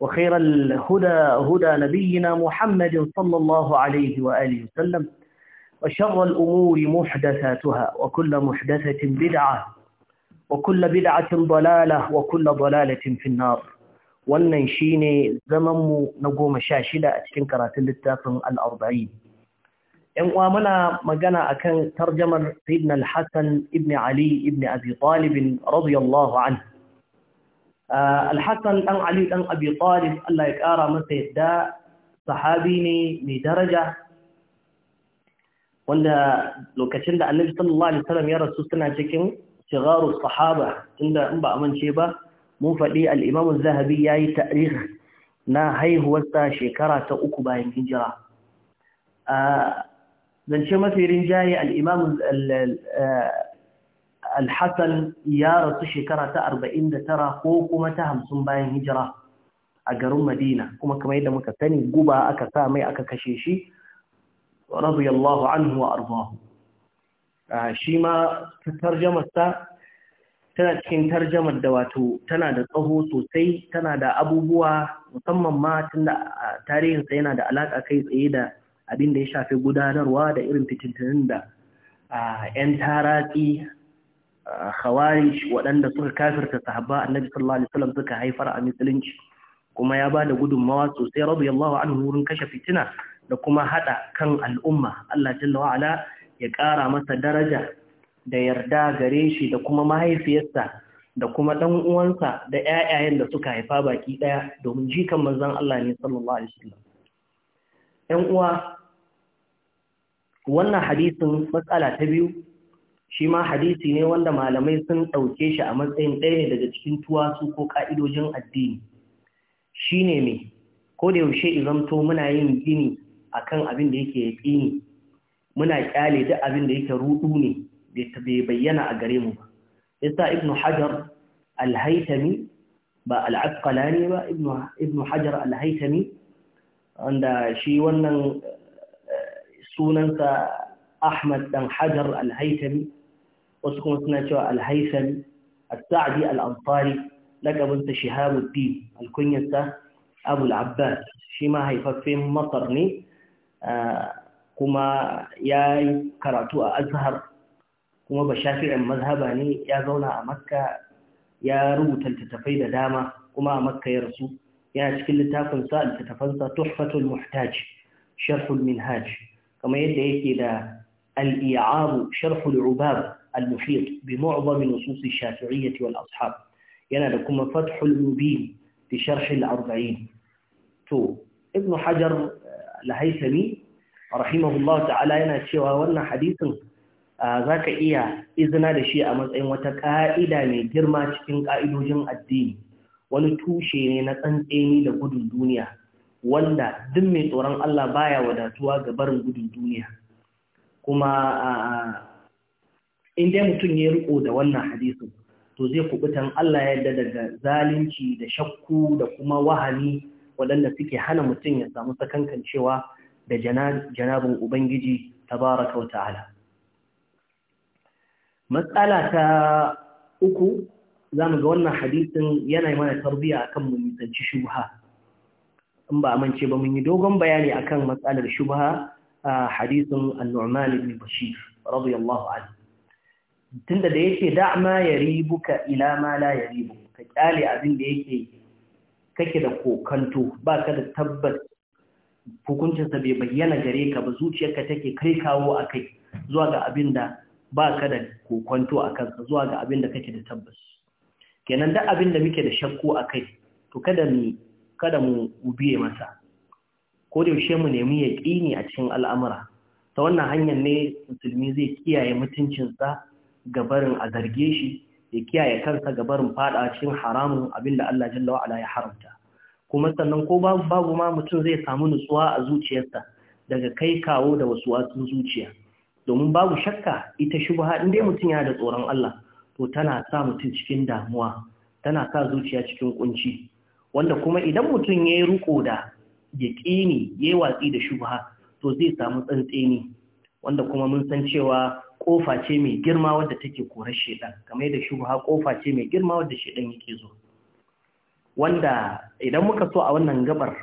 وخير الهدى هدى نبينا محمد صلى الله عليه وآله وسلم وشر الأمور محدثاتها وكل محدثة بدعة وكل بدعة ضلالة وكل ضلالة في النار وننشيني زمم نقوم شاشلة أتكنكرة للتافن الأربعين ومنا مجانا أكن ترجمة سيدنا الحسن ابن علي ابن أبي طالب رضي الله عنه Alhassan ɗan Ali ɗan Abi Talib Allah ya ƙara masa yadda sahabi ne mai daraja wanda lokacin da annabi sallallahu alaihi wasallam ya rasu suna cikin shigaru sahaba tunda in ba amince ba mun faɗi al-Imam zahabi yayi tarikh na haihuwarsa shekara ta uku bayan hijira zance mafi rinjaye al-Imam alhassan ya rasu shekara ta arba'in da tara ko kuma ta hamsin bayan hijira a garin madina kuma kamar yadda muka sani guba aka sa mai aka kashe shi radiyallahu anhu wa arzahu shi ma sa, tana cikin tarjamar da wato tana da tsaho sosai tana da abubuwa musamman ma tunda tarihinsa yana da alaƙa kai tsaye da abin da ya shafi gudanarwa da irin fitintunin da 'yan taratsi khawarij waɗanda suka kafirta sahaba annabi sallallahu alaihi wasallam suka haifar a musulunci kuma ya bada gudunmawa sosai radiyallahu anhu wurin kashe fitina da kuma hada kan al'umma Allah jalla wa ala ya ƙara masa daraja da yarda gare shi da kuma mahaifiyarsa da kuma dan uwansa da ƴaƴayen da suka haifa baki daya domin jikan manzon Allah ne sallallahu alaihi wasallam ƴan uwa wannan hadisin matsala ta biyu shi ma hadisi ne wanda malamai sun ɗauke shi a matsayin ɗaya daga cikin tuwasu ko ƙa'idojin addini shi ne mai ko da yaushe izamto muna yin gini a kan abin da yake yaƙini muna ƙyale duk abin da yake ruɗu ne bai bayyana a gare mu ba yasa ibnu hajar alhaitami ba ba ibnu hajar alhaitami wanda shi wannan eh, sunansa ahmad dan hajar alhaitami wasu kuma suna cewa alhaisami al-sa'adi al-amfari lakabinsa shahabuddin al-kunyarsa abul-abbas shi ma haifaffen masar ne kuma ya yi karatu a azhar kuma ba shafi'in mazhaba ne ya zauna a makka ya rubuta littattafai da dama kuma a makka ya yana cikin littafinsa littattafansa tuhfatul muhtaj sharhul minhaj kamar yadda yake da al-i'abu sharhul ubab al-muhit bi mu'zam nusus ash wal ashab yana da kuma fathul mubin bi sharh al-arba'in to ibn hajar al-haythami rahimahullah ta'ala yana cewa wannan hadisin zaka iya izina da shi a matsayin wata ka'ida mai girma cikin ka'idojin addini wani tushe ne na tsantseni da gudun duniya wanda duk mai tsoron Allah baya wadatuwa ga barin gudun duniya kuma in dai mutum ya riko da wannan hadisin to zai kubutan Allah yadda daga zalunci da shakku da kuma wahani waɗanda suke hana mutum ya samu sakankancewa da janabin Ubangiji tabaraka wa ta'ala. Matsala ta uku za mu ga wannan hadisin yana mana tarbiya akan mu nisanci shubha. In ba amince ba mun yi dogon bayani akan matsalar shubha a hadisin annu'man ibn Bashir radiyallahu anhu. tunda da yake da ma yaribuka ila ma la yaribu ka kyale abin da yake kake da kokanto ba ka da tabbas hukuncinsa bai bayyana gare ka ba zuciyarka take kai kawo a kai zuwa ga abin da ba ka da kokanto a kansa zuwa ga abin da kake da tabbas kenan da abin da muke da shakku a kai to kada mu kada mu ubiye masa ko da yaushe mu nemi yaƙini a cikin al'amura ta wannan hanyar ne musulmi zai kiyaye mutuncinsa gabarin a zarge shi ya kiyaye kansa gabarin fada cikin haramun abinda Allah jalla wa ala ya haramta kuma sannan ko babu babu ma mutum zai samu nutsuwa a zuciyarsa daga kai kawo da wasu watsun zuciya domin babu shakka ita shubha in dai mutum yana da tsoron Allah to tana sa mutum cikin damuwa tana sa zuciya cikin kunci wanda kuma idan mutum yayi ruko da yaqini yayi watsi da shubha to zai samu tsantseni wanda kuma mun san cewa Ƙofa ce mai girma wadda take korar shedan kamar da shubha ƙofa ce mai girma wadda shedan yake zo wanda idan muka so a wannan gabar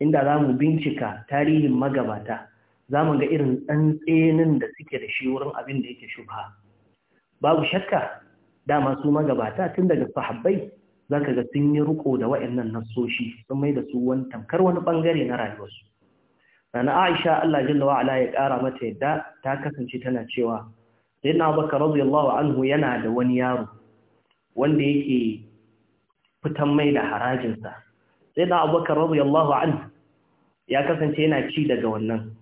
inda za mu bincika tarihin magabata za mu ga irin tsantsenin da suke da shi wurin abin da yake shubha babu shakka dama su magabata tun daga sahabbai za ka ga sun yi riko da waɗannan nasoshi sun mai da su wani tamkar wani ɓangare na rayuwarsu na Aisha Allah jalla wa ala ya ƙara mata yadda ta kasance tana cewa sayyidina Abubakar radiyallahu anhu yana da wani yaro wanda yake fitan mai da harajin sa sayyidina Abubakar radiyallahu anhu ya kasance yana ci daga wannan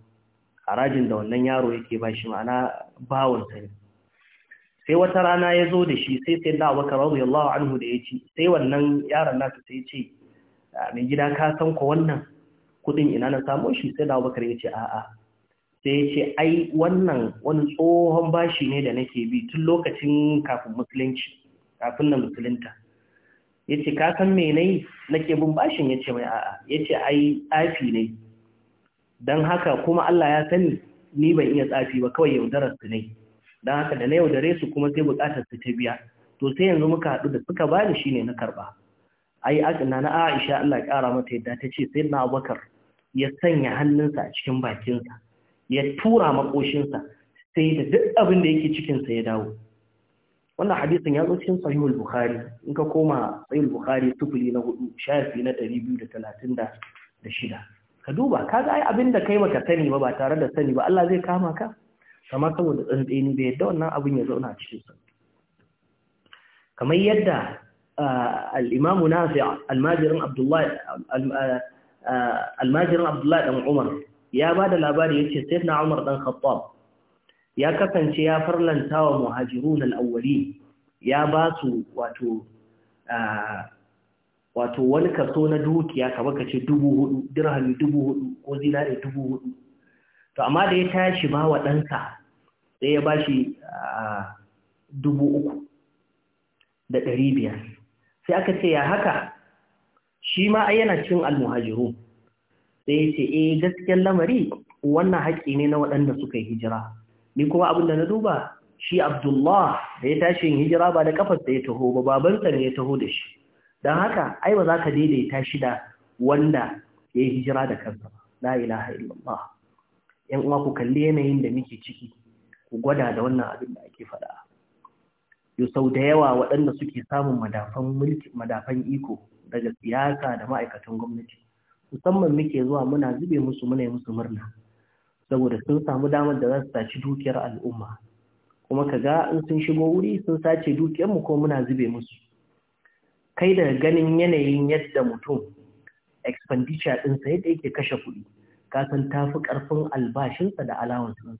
harajin da wannan yaro yake ba shi ma'ana bawon sa sai wata rana ya zo da shi sai sayyidina Abubakar radiyallahu anhu da ya ci sai wannan yaron nasa sai ya ce mai gida ka san ko wannan kudin ina na samo shi sai da Abubakar ya ce a'a sai ya ce ai wannan wani tsohon bashi ne da nake bi tun lokacin kafin musulunci kafin na musulunta ya ce ka san me ne nake bin bashin ya ce mai a'a ya ce ai tsafi ne don haka kuma Allah ya sani ni ban iya tsafi ba kawai yaudarar su ne don haka da na yaudare su kuma sai bukatar su ta biya to sai yanzu muka haɗu da suka bani ne na karɓa ai na na Aisha Allah ya kara mata yadda ta ce sai na Abubakar ya sanya hannunsa a cikin bakinsa ya tura makoshinsa sai da duk abin da yake cikinsa ya dawo wannan hadisin ya zo cikin sahihul bukhari in ka koma sahihul bukhari sufuli na hudu shafi na shida. ka duba kaga ai abin da kai maka sani ba ba tare da sani ba Allah zai kama ka kama saboda tsantseni bai yadda wannan abin ya zauna cikin sa kamar yadda al'imamu nafi'a almajirin abdullahi ɗan umar ya ba da labari ya ce sai na umar ɗan khattab ya kasance ya farlanta wa muhajirun awali ya ba wato wani kaso na dukiya kamar ka ce dubu hudu dirhami dubu hudu ko zinare dubu hudu to amma da ya tashi ba wa ɗansa sai ya ba shi dubu uku da ɗari biyar sai aka ce ya haka shi ma ai yana cikin almuhajiru sai ya ce eh gaskiyar lamari wannan haƙƙi ne na waɗanda suka yi hijira ni kuma abin da na duba shi Abdullah da ya tashi yin hijira ba da kafar da ya taho ba babansa ne ya taho da shi don haka ai ba za ka daidaita shi da wanda ya yi hijira da kansa ba la ilaha illallah yan uwa ku kalli yanayin da muke ciki ku gwada da wannan abin da ake faɗa yau sau da yawa waɗanda suke samun madafan mulki madafan iko daga siyasa da ma'aikatan gwamnati musamman muke zuwa muna zube musu muna yi musu murna saboda sun samu damar da za su saci dukiyar al'umma kuma ka ga in sun shigo wuri sun sace dukiyarmu ko muna zube musu kai daga ganin yanayin yadda mutum expenditure ɗinsa yadda yake kashe kuɗi ka san tafi ƙarfin albashinsa da alawansa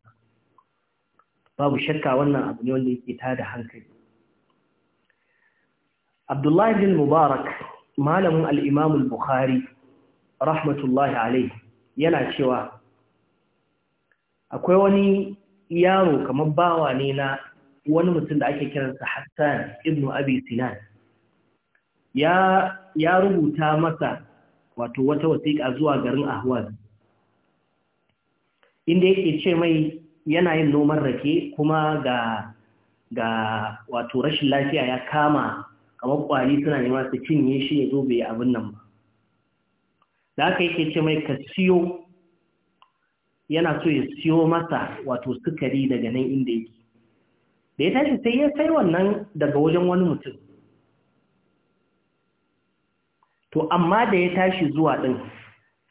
babu shakka wannan abu ne wanda yake tada hankali Abdullahi bin Mubarak malamin al bukhari rahmatullahi alayhi yana cewa akwai wani yaro kamar bawa ne na wani mutum da ake kiransa Hassan ibn Abi Sinan ya ya rubuta masa wato wata wasiƙa zuwa garin Ahwaz inda yake ce mai yana yin noman rake kuma ga ga wato rashin lafiya ya kama kamar kwari suna nema su cinye shi ya zo bai yi abin nan ba da aka yi ce mai ka siyo yana so ya siyo masa wato sukari daga nan inda yake da ya tashi sai ya sai wannan daga wajen wani mutum to amma da ya tashi zuwa ɗin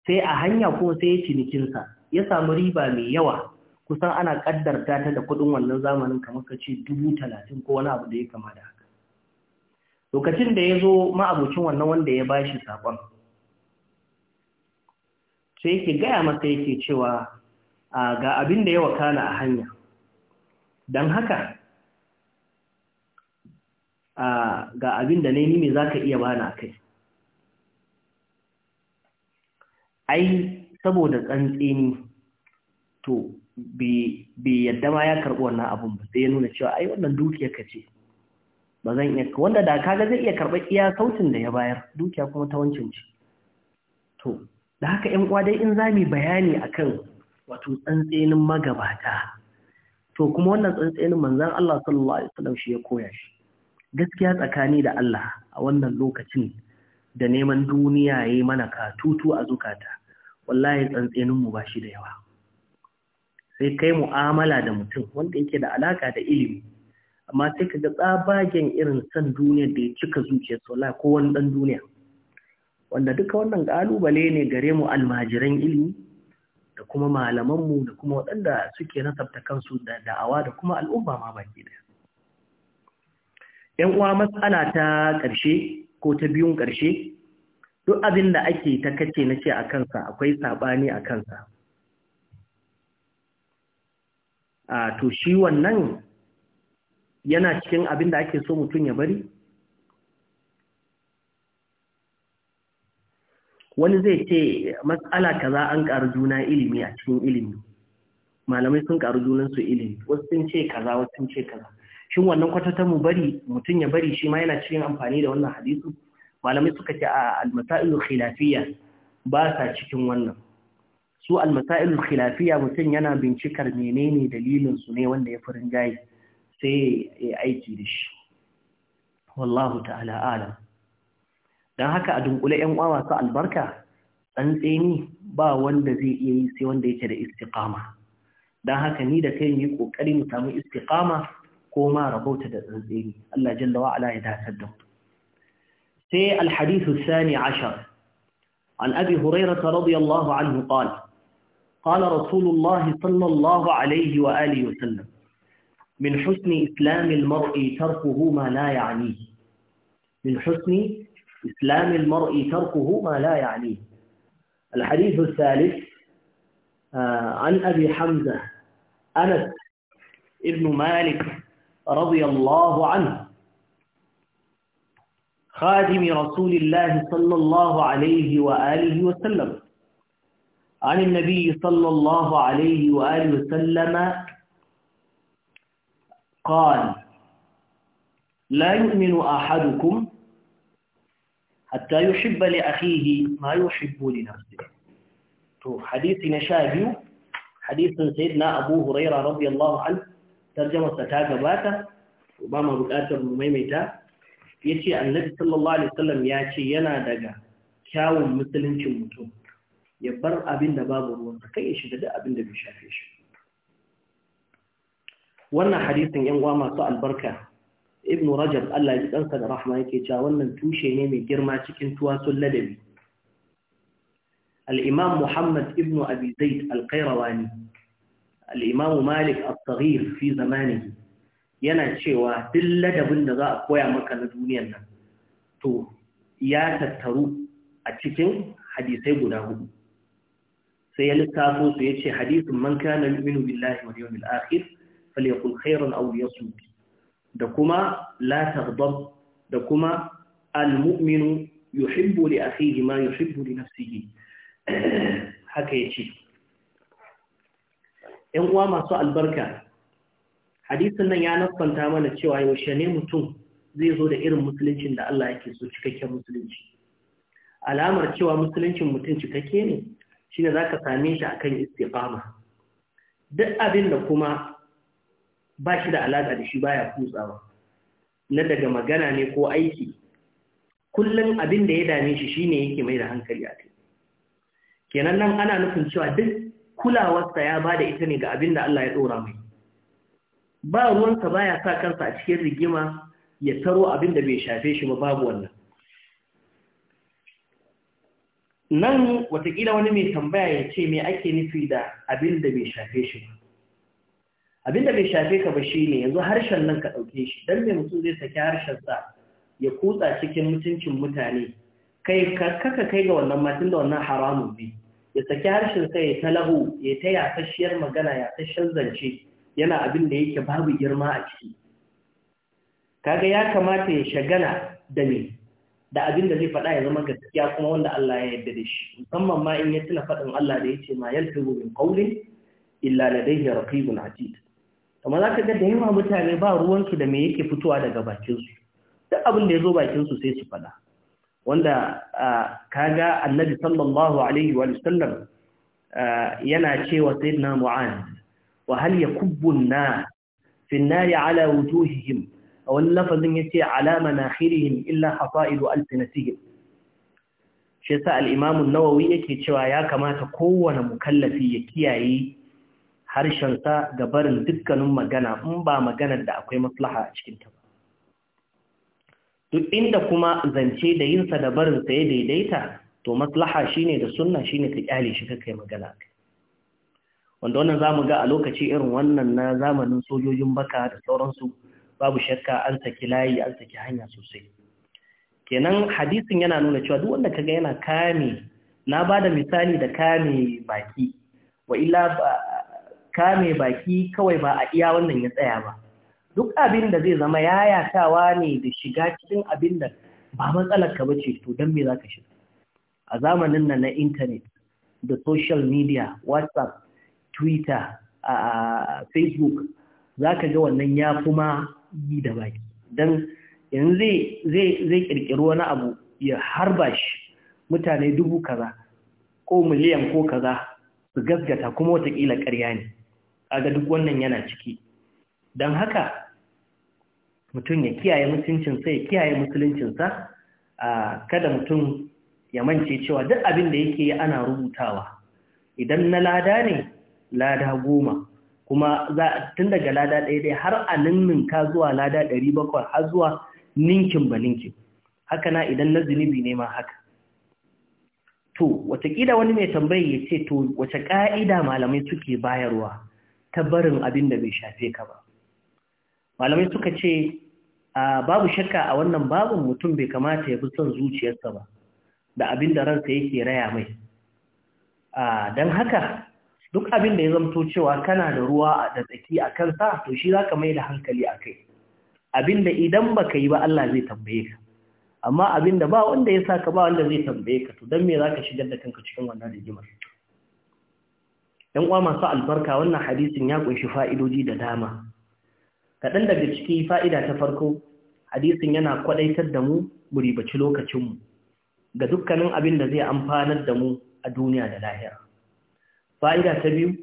sai a hanya ko sai ya cinikinsa ya samu riba mai yawa kusan ana ƙaddarta ta da kuɗin wannan zamanin kamar ka ce dubu talatin ko wani abu da ya kama da haka lokacin da ya zo ma'abucin wannan wanda ya bashi saƙon sai yake gaya masa yake cewa ga abin da ya wakana a hanya don haka ga abin da ni mai za ka iya bana a kai ai saboda tsantseni to bai yadda ma ya karɓi wannan abin ba sai ya nuna cewa ai wannan dukiyar ka ce ba zan iya wanda da kaga zai iya karɓar iya sautin da ya bayar dukiya kuma ta wancan ce to da haka ƴan uwa dai in za mu bayani akan wato tsantsenin magabata to kuma wannan tsantsenin manzon Allah sallallahu alaihi wasallam shi ya koya shi gaskiya tsakani da Allah a wannan lokacin da neman duniya yayi mana katutu a zukata wallahi tsantsenin mu ba shi da yawa sai kai mu'amala da mutum wanda yake da alaka da ilimi amma sai ka ga tsabagen irin san duniya da ya cika zuciya sola ko wani ɗan duniya wanda duka wannan ƙalubale ne gare mu almajiran ilimi da kuma mu, da kuma waɗanda suke nasabta kansu da da'awa da kuma al'umma ma baki ɗaya ‘yan uwa matsala ta ƙarshe ko ta biyun ƙarshe duk abin da ake ta kace na ce a kansa akwai saɓani a kansa a to shi wannan yana cikin abin da ake so mutum ya bari wani zai ce matsala kaza an ƙaru juna ilimi a cikin ilimi malamai sun ƙaru junansu ilimi wasu sun ce kaza wasu sun ce kaza shin wannan kwatata mu bari mutum ya bari shi ma yana cikin amfani da wannan hadisu malamai suka ce a almasailu khilafiya ba sa cikin wannan su almasailu khilafiya mutum yana bincikar menene dalilin su ne wanda ya fi jayi sai ya aiki da shi wallahu ta'ala alam don haka a dunkule yan uwa masu albarka tsantseni ba wanda zai iya yi sai wanda yake da istiqama don haka ni da kai mu kokari mu samu istiqama ko ma rabauta da tsantseni Allah jalla wa ala ya dace da sai alhadith Sani Ashar. عن أبي هريرة رضي الله عنه قال قال رسول الله صلى الله عليه وآله وسلم من حسن إسلام المرء تركه ما لا يعنيه من حسن إسلام المرء تركه ما لا يعنيه الحديث الثالث آه، عن أبي حمزة أنس ابن مالك رضي الله عنه خادم رسول الله صلى الله عليه وآله وسلم عن النبي صلى الله عليه وآله وسلم قال لا يؤمن أحدكم حتى يحب لأخيه ما يحب لنفسه تو حديث نشابي حديث سيدنا أبو هريرة رضي الله عنه ترجمة باتة وباما بكاتة مميمتا يتي النبي صلى الله عليه وسلم ياتي ينا دقا كاو مثل mutum يبر أبن abin da babu ruwansa أبن ya shiga wannan hadisin yan uwa masu albarka ibn rajab Allah ya ɗansa da rahma yake cewa wannan tushe ne mai girma cikin tuwasun ladabi al-imam muhammad ibn abi zaid al-qayrawani al-imam malik as saghir fi zamanihi yana cewa duk ladabin da za a koya maka na duniyar nan to ya tattaru a cikin hadisai guda hudu sai ya lissafo su ya ce hadisin man kana yu'minu billahi wal yawmil akhir falyakul khairan aw liyasmut da kuma la taghdab da kuma almu'minu yuhibbu li akhihi ma yuhibbu li nafsihi haka yace ‘yan uwa masu albarka, hadisin nan ya nasfanta mana cewa yaushe ne mutum zai zo da irin musuluncin da Allah yake so cikakken musulunci. Alamar cewa musuluncin mutum cikakke ne, shi ne za ka same shi akan istikama. Duk abin da kuma ba shi da alaƙa da shi baya kutsawa na daga magana ne ko aiki kullum abin da ya dame shi shine yake mai da hankali a kai kenan nan ana nufin cewa duk kulawarsa ya ba da ita ne ga abin da Allah ya ɗora mai ba ruwansa baya sa kansa a cikin rigima ya taro abin da bai shafe shi ba babu wannan nan watakila wani mai tambaya ya ce me ake nufi da abin da bai shafe shi ba abinda bai shafe ka ba shi ne, yanzu harshen nan ka ɗauke shi Don me mutum zai saki harshen sa ya kutsa cikin mutuncin mutane kai kaka kai ga wannan matin da wannan haramun bi ya saki harshen sa ya talahu ya ta yasasshiyar magana ta zance yana abin da yake babu girma a ciki kaga ya kamata ya shagala da ne da abin da zai faɗa ya zama gaskiya kuma wanda Allah ya yarda da shi musamman ma in ya tuna faɗin Allah da ya ce ma yalfizu min qawlin illa ladayhi raqibun atid amma za ka ga da yawa mutane ba ruwansu da me yake fitowa daga bakinsu duk abin da ya zo bakinsu sai su faɗa wanda kaga annabi sallallahu alaihi wa sallam yana cewa sayyidina mu'an wa hal yakubbu an-nas fi ala wujuhihim wani lafazin yace ala manakhirihim illa hafa'ilu alsinatihim shi yasa al nawawi yake cewa ya kamata kowane mukallafi ya kiyaye Harshen sa ga barin dukkanin magana in ba maganar da akwai maslaha a cikinta ba duk inda kuma zance da yinsa da barinsa ya daidaita to maslaha shine da sunna shine ka kyale shi kai magana wanda wannan zamu ga a lokaci irin wannan na zamanin sojojin baka da sauransu babu shakka an saki layi an saki hanya sosai kenan hadisin yana nuna cewa duk wanda kaga yana kame na bada misali da kame baki wa illa kame baki kawai ba a iya wannan ya tsaya ba duk abin da zai zama yayatawa ne da shiga cikin abin da ba matsalar ka bace to dan me zaka shiga a zamanin nan na internet da social media whatsapp twitter a facebook zaka ga wannan ya kuma yi da baki dan yanzu zai zai zai kirkiri wani abu ya harba shi mutane dubu kaza ko miliyan ko kaza su gaskata kuma watakila ƙarya ne ga duk wannan yana ciki don haka mutum ya kiyaye mutuncinsa ya kiyaye musuluncinsa kada mutum ya mance cewa duk abin da yake yi ana rubutawa idan na lada ne lada goma kuma za tun daga lada ɗaya ɗaya har a ninninka zuwa lada ɗari bakwai har zuwa ninkin ba ninkin haka na idan na zunubi ne ma haka to watakila wani mai tambayi ya ce to wace ƙa'ida malamai suke bayarwa ta barin abin da bai shafe ka ba malamai suka ce babu shakka a wannan babin mutum bai kamata ya fi son zuciyarsa ba da abin da ransa yake raya mai don haka duk abin da ya zamto cewa kana da ruwa da tsaki a kansa to shi za ka mai da hankali a kai abin da idan ba ka yi ba Allah zai tambaye ka amma abin da ba wanda ya sa ka ba wanda zai tambaye ka to don me za ka shigar da kanka cikin wannan rigimar ‘yan uwa masu albarka wannan hadisin ya ƙunshi fa'idoji da dama. Kaɗan daga ciki fa'ida ta farko, hadisin yana kwaɗaitar da mu mu ribaci lokacinmu ga dukkanin abin da zai amfanar da mu a duniya da lahira. Fa'ida ta biyu,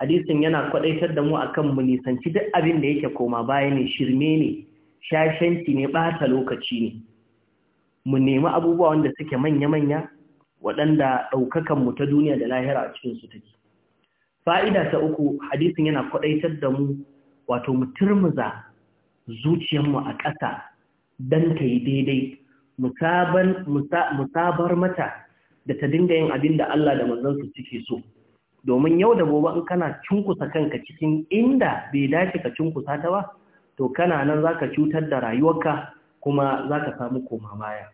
hadisin yana kwaɗaitar da mu a kan mu nisanci duk abin da yake koma baya ne shirme ne, shashanci ne ɓata lokaci ne. Mu nemi abubuwa wanda suke manya-manya waɗanda ɗaukakanmu ta duniya da lahira a cikinsu take. fa'ida ta uku hadisin yana kwadaitar da mu wato mu turmuza zuciyarmu a ƙasa don ta yi daidai musabar mata da ta dinga yin abin da Allah da manzansu suke so domin yau da gobe in kana cunkusa kanka cikin inda bai dace ka cunkusa ta ba to kana nan za ka cutar da rayuwarka kuma za ka samu koma baya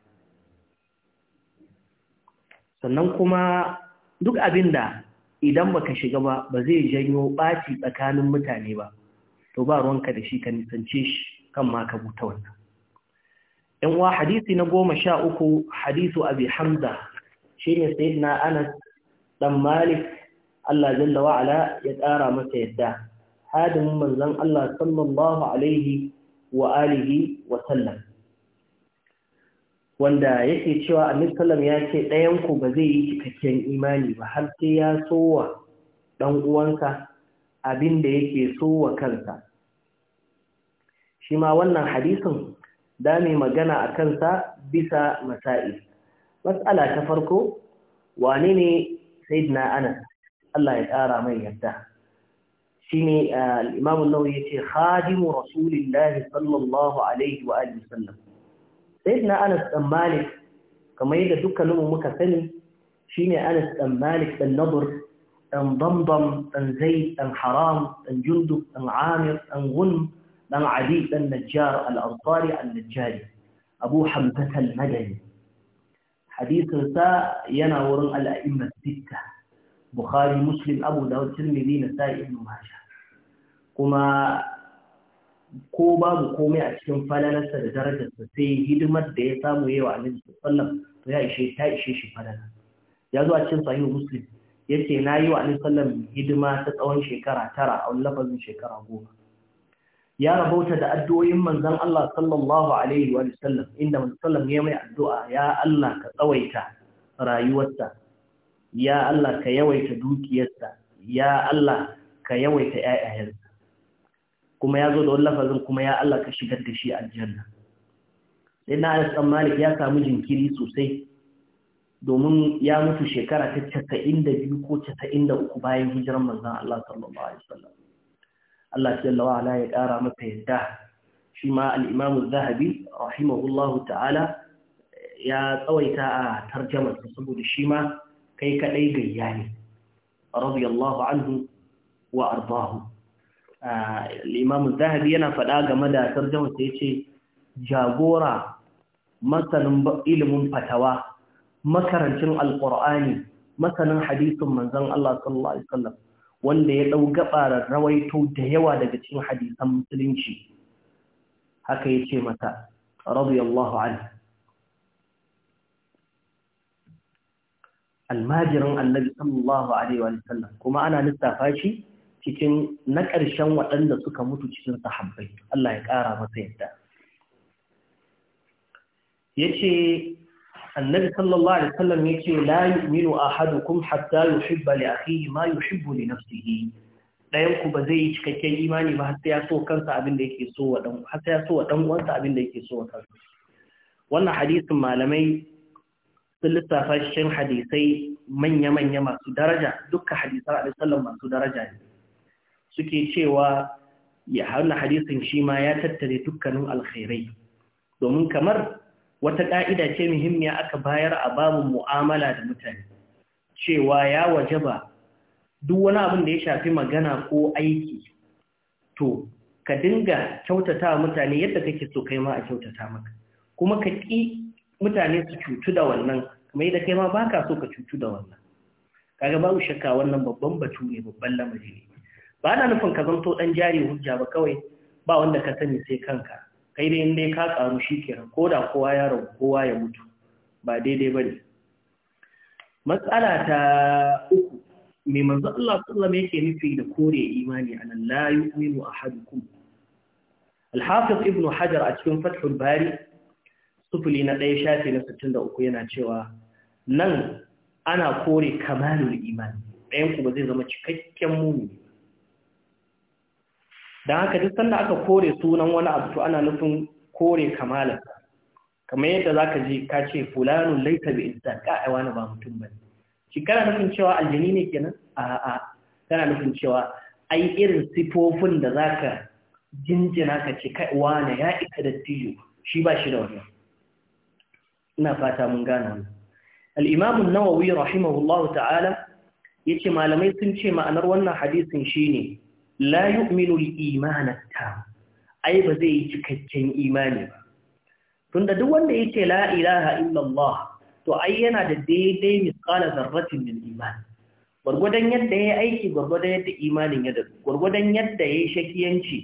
sannan kuma duk abin da idan baka shiga ba ba zai janyo ɓaci tsakanin mutane ba to ba ruwanka da shi ka nisance shi kan ma ka buta wannan in wa hadisi na goma sha uku hadisu abi hamza sai na anas Ɗan malik Allah zalla wa ya tsara masa yadda hadin manzon Allah sallallahu alaihi wa alihi wa sallam wanda yake cewa annabi ya ce ɗayanku ba zai yi cikakken imani ba har sai ya sowa dan uwansa abin da yake sowa kansa shi ma wannan hadisin dami magana a kansa bisa masa'i matsala ta farko wane ne sayyidina anas Allah ya ƙara mai yadda shine eh, al ya ce, nawawi yace khadimu rasulillahi sallallahu alaihi wa sallam سيدنا أنس بن مالك كما يدى دكا نمو مكا سني شيني أنس بن مالك بن نضر بن ضمضم بن زيد بن حرام بن جندب بن عامر بن غنم بن عدي بن نجار الأنصاري النجاري أبو حمزة المدني حديث رساء ينور الأئمة الستة بخاري مسلم أبو داود الترمذي نسائي بن ماجه كما ko babu komai a cikin falalarsa da darajarsa sai hidimar da ya samu yi wa annabi sallallahu to ya ishe ta ishe shi falala ya zo a cikin sahihu muslim yace yi wa annabi sallallahu hidima ta tsawon shekara tara a lafazin shekara goma ya rabauta da addu'o'in manzon Allah sallallahu alaihi wa sallam inda manzon sallam ya mai addu'a ya Allah ka tsawaita rayuwarsa ya Allah ka yawaita dukiyarsa ya Allah ka yawaita ƴaƴayensa kuma ya zo da wani lafazin kuma ya Allah ka shigar da shi aljanna sai na Anas dan Malik ya samu jinkiri sosai domin ya mutu shekara ta casa'in biyu ko casa'in uku bayan hijiran manzon Allah sallallahu alaihi wasallam Allah jalla ala ya ƙara masa yadda shi ma al-Imam zahabi rahimahullahu ta'ala ya tsawaita a tarjamar saboda shi ma kai kadai gayya ne radiyallahu anhu wa ardahu limamin zahabi yana faɗa game da sarjan wata ce jagora masanin ilimin fatawa makarantun alƙur'ani masanin hadisin manzon Allah sallallahu alaihi wasallam wanda ya ɗau gabarar rawaito da yawa daga cikin hadisan musulunci haka ya ce mata radiyallahu anhu almajirin annabi sallallahu alaihi wasallam kuma ana lissafa shi cikin na ƙarshen waɗanda suka mutu cikin sahabbai Allah ya ƙara masa yadda yace annabi sallallahu alaihi wasallam yace a yu'minu ahadukum hatta yuhibba li akhihi ma yuhibbu li nafsihi dayan ku ba zai yi cikakken imani ba har sai ya so kansa abin da yake so wa dan har sai ya so wa dan uwansa abin da yake so wa kansa wannan hadisin malamai sun lissafa shi hadisai manya-manya masu daraja dukkan hadisan alaihi wasallam masu daraja ne suke cewa ya hana hadisin shi ma ya tattare dukkanin alkhairai domin kamar wata ƙa'ida ce muhimmiya aka bayar a babu mu'amala da mutane cewa ya wajaba duk wani abin da ya shafi magana ko aiki to ka dinga kyautata mutane yadda kake so kai ma a kyautata maka kuma ka ƙi mutane su cutu da wannan kuma yadda kai ma ba ka so ka cutu da wannan kaga babu shakka wannan babban batu ne babban lamari ne ba na nufin ka zanto ɗan jari hujja ba kawai ba wanda ka sani sai kanka kai dai inda ka karu shi kenan ko da kowa ya rabu kowa ya mutu ba daidai ba ne matsala ta uku mai manzo Allah sallallahu yake nufi da kore imani an la yu'minu ahadukum al-hafiz ibn hajar a cikin fathul bari sufuli na ɗaya shafi na 63 yana cewa nan ana kore kamalul imani ɗayan ku ba zai zama cikakken mumini don haka duk sanda aka kore sunan wani abu to ana nufin kore kamala kamar yadda za ka ji ka ce fulanun laita bi insan ka'a wani ba mutum ba shi kana nufin cewa aljini ne kenan a'a kana nufin cewa ai irin sifofin da za ka jinjina ka ce kai na ya isa da tiyo shi ba shi da wannan ina fata mun gane wannan al-imam an-nawawi rahimahullahu ta'ala yace malamai sun ce ma'anar wannan hadisin shine la yu'minu al-imana ai ba zai yi cikakken imani ba tunda duk wanda yace la ilaha illallah to ai yana da daidai misqala zarratin min iman gurgudan yadda yayi aiki gurgudan yadda imanin ya dace gurgudan yadda yayi shakiyanci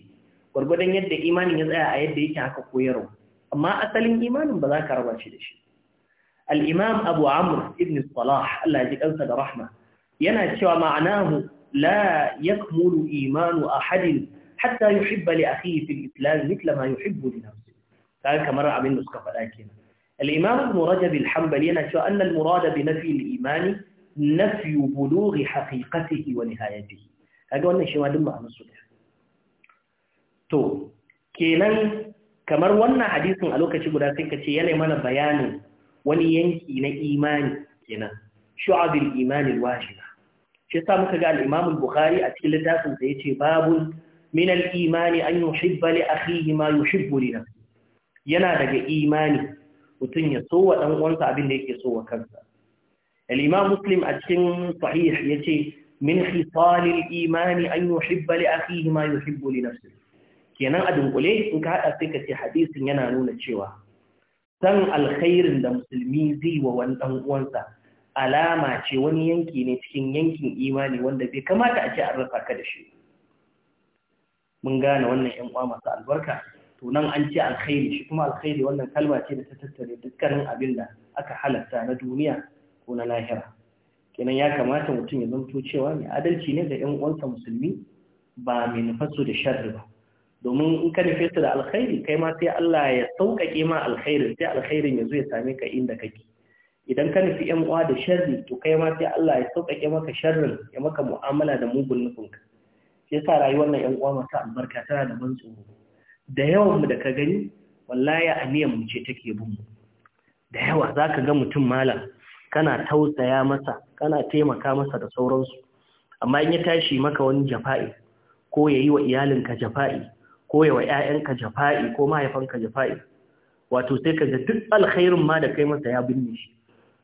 gurgudan yadda imanin ya tsaya a yadda yake haka koyarwa amma asalin imanin ba za ka raba shi da shi al-imam abu amr ibn salah Allah ya ji kansa da rahma yana cewa ma'anahu لا يكمل إيمان أحد حتى يحب لأخيه في الإسلام مثل ما يحب لنفسه كما رأى من نسكف الآكين الإمام ابن رجب الحنبلي ينشأ أن المراد بنفي الإيمان نفي بلوغ حقيقته ونهايته هذا أن الشيء ما duk ma'anar su da to kenan kamar wannan hadisin a lokaci guda sai ka ce yana mana bayanin shi yasa muka ga al bukhari a cikin littafin sa yace babun minal imani an shibbali li akhihi ma yuhibbu yana daga imani mutum ya so wa ɗan'uwansa uwansa abin da yake so wa kansa al-Imam Muslim a cikin sahih yace min khisal al-imani an yuhibba li akhihi ma kenan a dunkule in ka haɗa sai ka ce hadisin yana nuna cewa san alkhairin da musulmi zai wa wani ɗan'uwansa. uwansa alama ce wani yanki ne cikin yankin imani wanda bai kamata a ce an rasa ka da shi mun gane wannan 'yan uwa masu albarka to nan an ce alkhairi shi kuma alkhairi wannan kalma ce da ta tattare dukkanin abin da aka halatta na duniya ko na lahira kenan ya kamata mutum ya zanto cewa mai adalci ne ga 'yan uwansa musulmi ba mai nufarsu da sharri ba domin in ka nufe su da alkhairi kai ma sai Allah ya sauƙaƙe ma alkhairin sai alkhairin ya zo ya same ka inda kake idan ka nufi yan uwa da sharri to kai ma sai Allah ya sauƙaƙe maka sharrin ya maka mu'amala da mugun nufinka shi yasa rayuwar nan yan uwa masu albarka tana da ban tsoro da yawan mu da ka gani wallahi aniyan mu ce take bin mu da yawa za ka ga mutum malam kana tausaya masa kana taimaka masa da sauransu amma in ya tashi maka wani jafa'i ko ya yi wa iyalinka jafa'i ko ya wa 'ya'yanka jafa'i ko mahaifanka jafa'i wato sai ka ga duk alkhairin ma da kai masa ya binne shi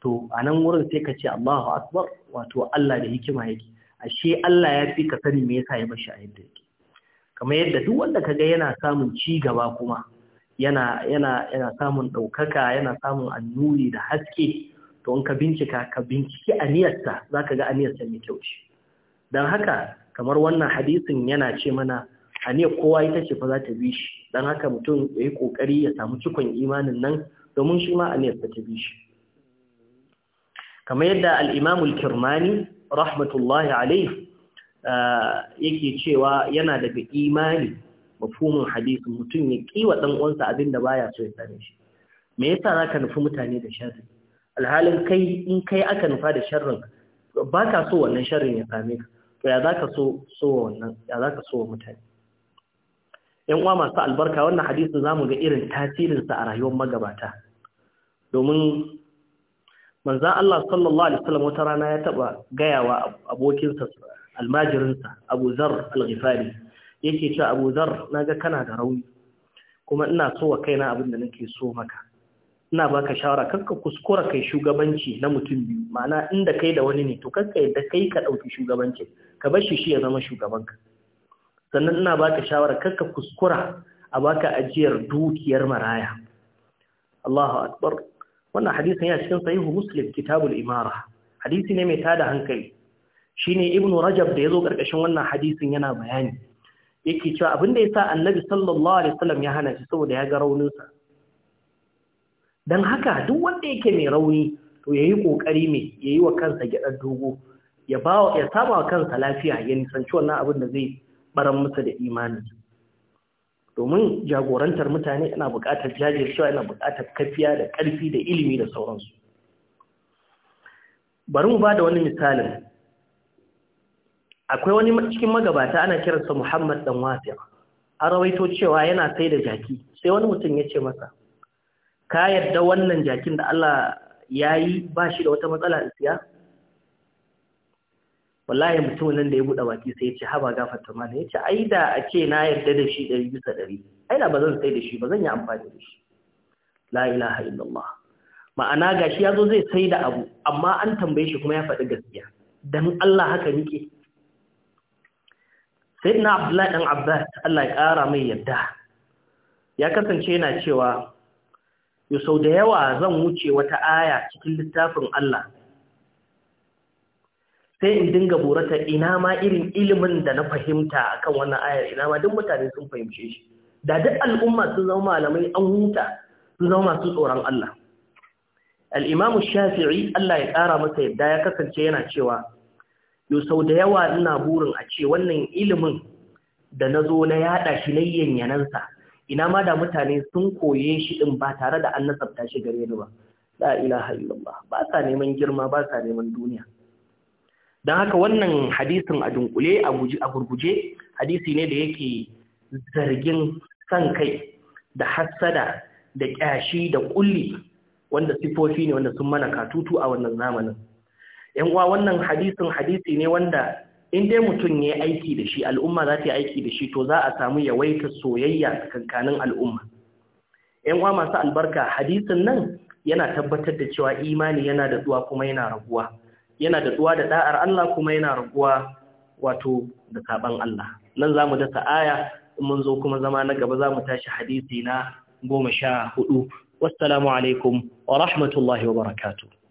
to a nan wurin sai ka ce Allahu Akbar wato Allah da hikima yake ashe Allah ya fi ka sani me yasa ya bar shi a yadda yake kamar yadda duk wanda ka ga yana samun ci gaba kuma yana yana samun ɗaukaka yana samun annuri da haske to in ka bincika ka binciki aniyarsa zaka ga aniyarsa mai kyau ce dan haka kamar wannan hadisin yana ce mana aniyar kowa ita ce fa za ta bi shi dan haka mutum ya yi kokari ya samu cikon imanin nan domin shi ma aniyarsa ta bi shi kamar yadda al'imamul kirmani rahmatullahi alaihi uh, yake cewa yana daga imani mafumin hadisi mutum ya kiwa dan uwansa abinda baya so ya same shi me yasa ka nufi mutane da sharri alhalin kai in kai aka nufa da sharrin ka so wannan sharrin ya same ka to ya za ka so wannan mutane yan uwa masu albarka wannan hadisi mu ga irin tasirinsa a rayuwar magabata domin manzan Allah sallallahu Alaihi wasallam wata rana ya taba gayawa abokinsa almajirinsa abu zar al-ghifari yake ce abu zar na ga kana da rauni kuma ina so wa kaina abin da nake so maka ina baka shawara kakka kuskura kai shugabanci na mutum biyu ma'ana inda kai da wani ne to kakka yadda kai ka ɗauki shugabanci ka bar shi shi ya zama shugabanka sannan ina baka shawara kakka kuskura a baka ajiyar dukiyar maraya Allahu akbar wannan hadisin ya cikin sahihu muslim kitabul imara hadisi ne mai tada hankali shine ibnu rajab da yazo karkashin wannan hadisin yana bayani yake cewa abin da yasa annabi sallallahu alaihi wasallam ya hana shi saboda ya ga raunin sa dan haka duk wanda yake mai rauni to yayi kokari mai yayi wa kansa gidan dogo ya ba ya saba wa kansa lafiya ya nisanci wannan abin da zai baran masa da imani domin jagorantar mutane ina buƙatar jajircewa yana buƙatar kafiya da ƙarfi da ilimi da sauransu bari mu ba da wani misalin akwai wani cikin magabata ana kiransa muhammad dan wasiya a rawaito cewa yana sai da jaki sai wani mutum ya ce masa ka yarda wannan jakin da allah ya yi ba shi da wata matsala in siya wallahi mutum nan da ya buɗe baki sai ya ce haba gafarta mana ya ce ai da a ce na yarda da shi ɗari bisa ɗari ai da ba zan sai da shi ba zan yi amfani da shi la ilaha illallah ma'ana gashi ya zo zai sai da abu amma an tambaye shi kuma ya faɗi gaskiya dan Allah haka nike na abdullahi dan abbas Allah ya kara mai yarda ya kasance yana cewa yau sau da yawa zan wuce wata aya cikin littafin Allah sai in dinga burata ina ma irin ilimin da na fahimta akan wannan ayar ina ma duk mutane sun fahimce shi da duk al'umma sun zama malamai an huta sun zama masu tsoron Allah al Shafi'i Allah ya ƙara masa yadda ya kasance yana cewa yo da yawa ina burin a ce wannan ilimin da na zo na yada shi layyan yanansa ina ma da mutane sun koye shi din ba tare da an nasabta shi gare ni ba la ilaha illallah ba sa neman girma ba sa neman duniya don haka wannan hadisin a dunkule a gurguje hadisi ne da yake zargin san kai da hassada da ƙyashi da ƙulli wanda sifofi ne wanda sun mana katutu a wannan zamanin yan uwa wannan hadisin hadisi ne wanda in dai mutum ya aiki da shi al'umma za ta yi aiki da shi to za a samu yawaita soyayya tsakankanin al'umma yan uwa masu albarka hadisin nan yana tabbatar da cewa imani yana da zuwa kuma yana raguwa yana da tsuwa da da'ar Allah kuma yana raguwa wato da saban Allah nan zamu dasa aya mun zo kuma zama na gaba zamu tashi hadisi na goma sha hudu wassalamu alaikum wa rahmatullahi wa barakatuh